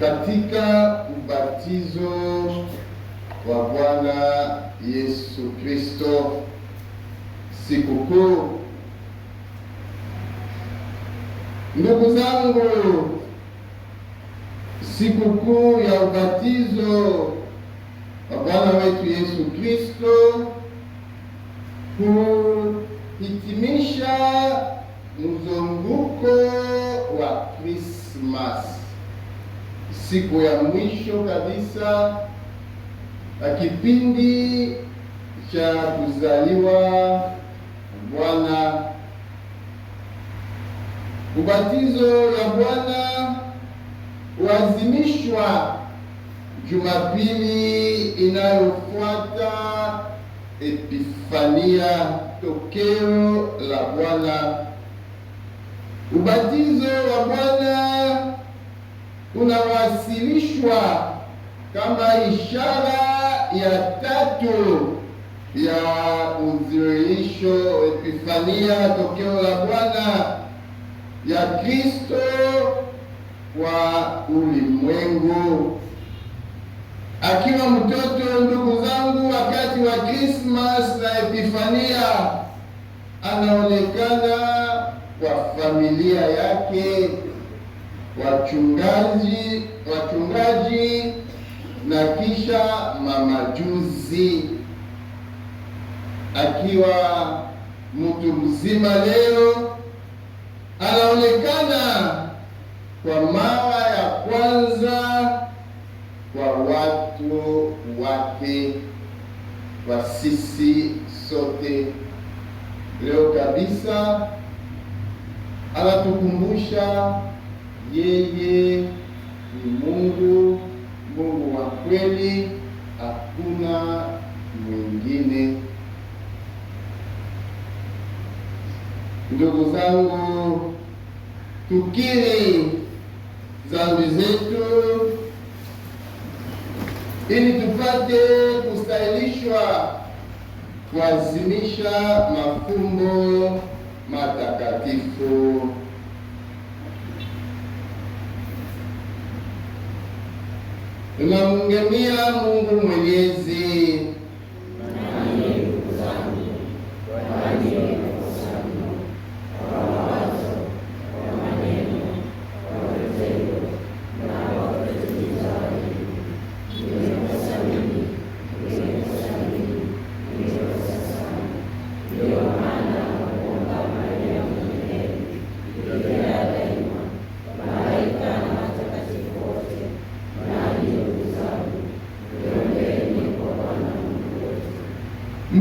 katika ubatizo wa Bwana Yesu Kristo, sikukuu. Ndugu zangu, sikukuu ya ubatizo wa Bwana wetu Yesu Kristo kuhitimisha mzunguko wa Krismasi siku ya mwisho kabisa na kipindi cha kuzaliwa Bwana. Ubatizo ya Bwana huazimishwa Jumapili inayofuata Epifania, tokeo la Bwana. Ubatizo wa Bwana kunawasilishwa kama ishara ya tatu ya uzirisho Epifania, tokeo la Bwana ya Kristo kwa ulimwengu. Akiwa mtoto, ndugu zangu, wakati wa Krismas na Epifania anaonekana kwa familia yake wachungaji wachungaji na kisha mamajuzi akiwa mtu mzima leo anaonekana kwa mara ya kwanza kwa watu wake, kwa sisi sote leo kabisa, anatukumbusha yeye ni Mungu, Mungu wa kweli, hakuna mwingine. Ndugu zangu, tukiri dhambi zetu ili tupate kustahilishwa kuazimisha mafumbo matakatifu. Tunamngamia Mungu Mwenyezi.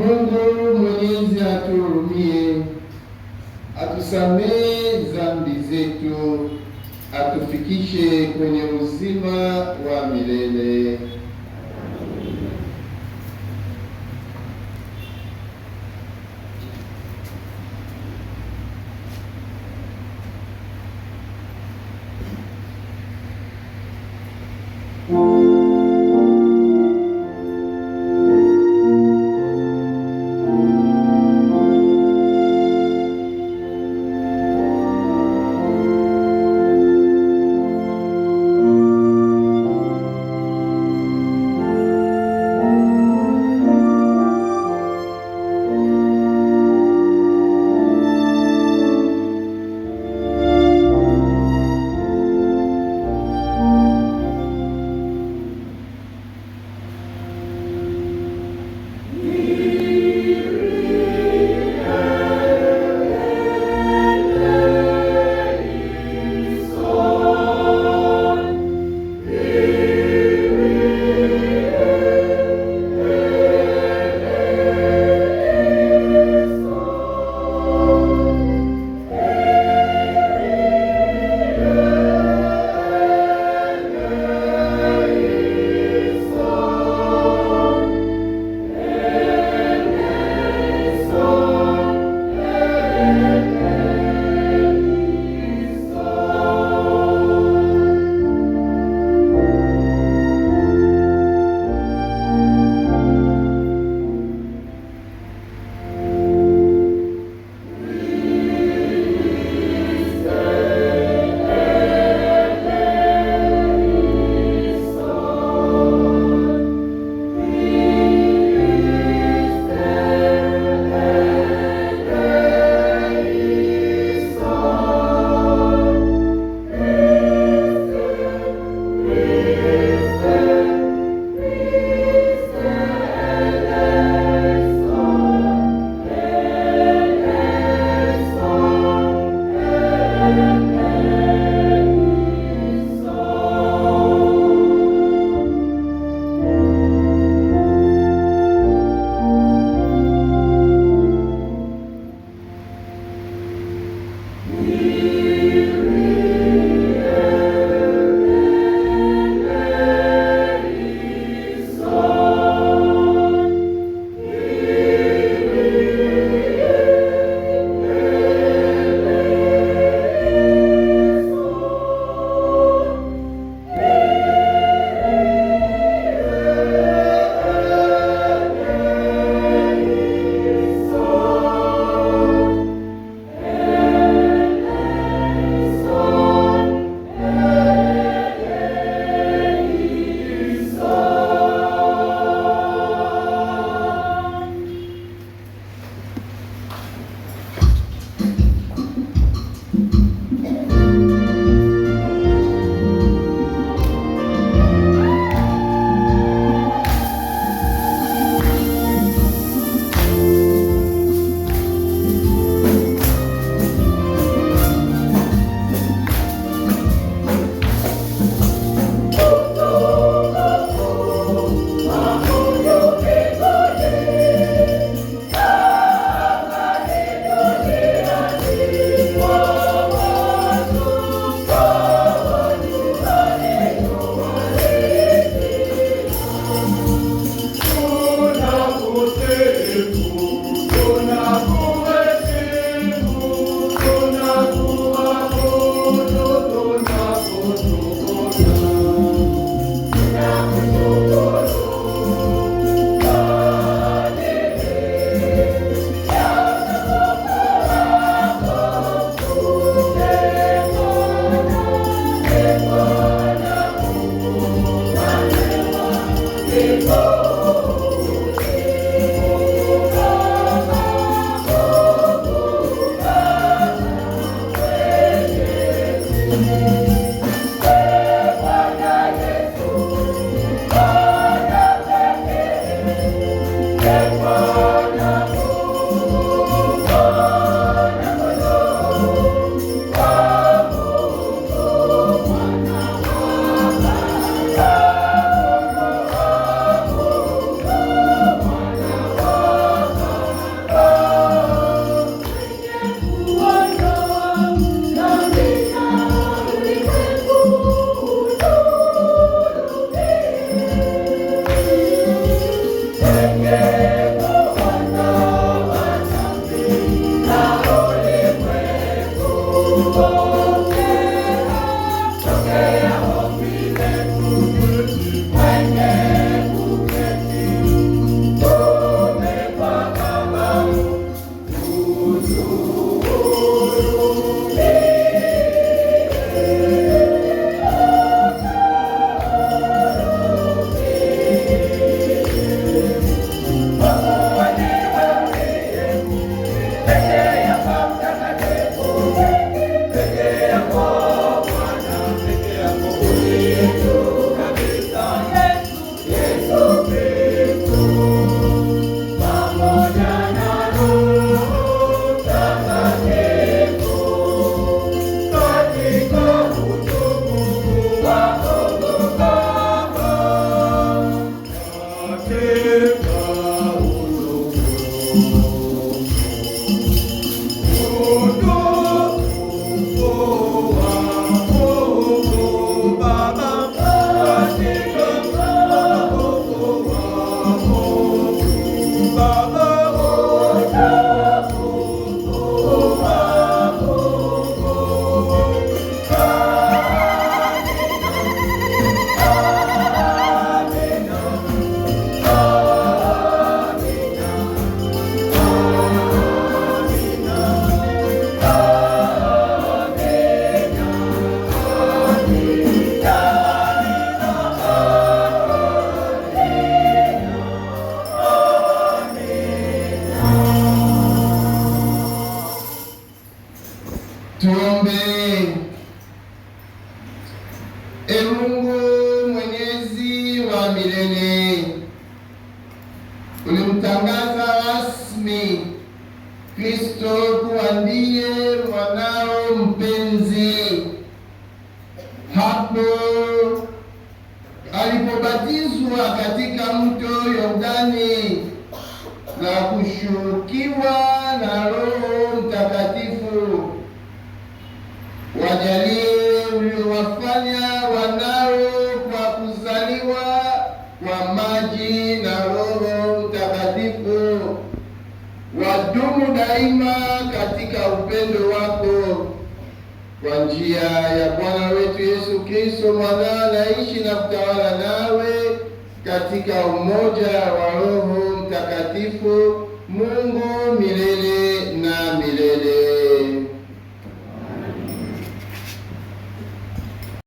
Mungu Mwenyezi atuhurumie, atusamehe dhambi zetu, atufikishe kwenye uzima wa milele. ulimtangaza rasmi Kristo kuwa ndiye mwanao mpenzi. Hapo alipobatizwa katika mto Yordani na kushukiwa na Roho Mtakatifu, wajalie uliowafanya wanao kwa kuzaliwa kwa maji na Wadumu daima katika upendo wako kwa njia ya Bwana wetu Yesu Kristo, mwana anaishi na kutawala nawe katika umoja wa Roho Mtakatifu, Mungu milele na milele.